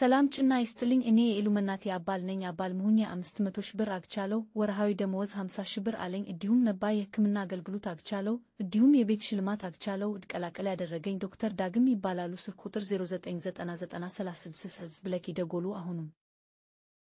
ሰላም ጭና ይስትልኝ እኔ የኢሉ የኢሉመናቴ አባል ነኝ። አባል መሆኜ የአምስት መቶ ሺህ ብር አግቻለው። ወርሃዊ ደመወዝ ሀምሳ ሺህ ብር አለኝ። እንዲሁም ነባ የህክምና አገልግሎት አግቻለው። እንዲሁም የቤት ሽልማት አግቻለው። እድቀላቀል ያደረገኝ ዶክተር ዳግም ይባላሉ። ስልክ ቁጥር 099936 ህዝብ ለኪ አሁኑም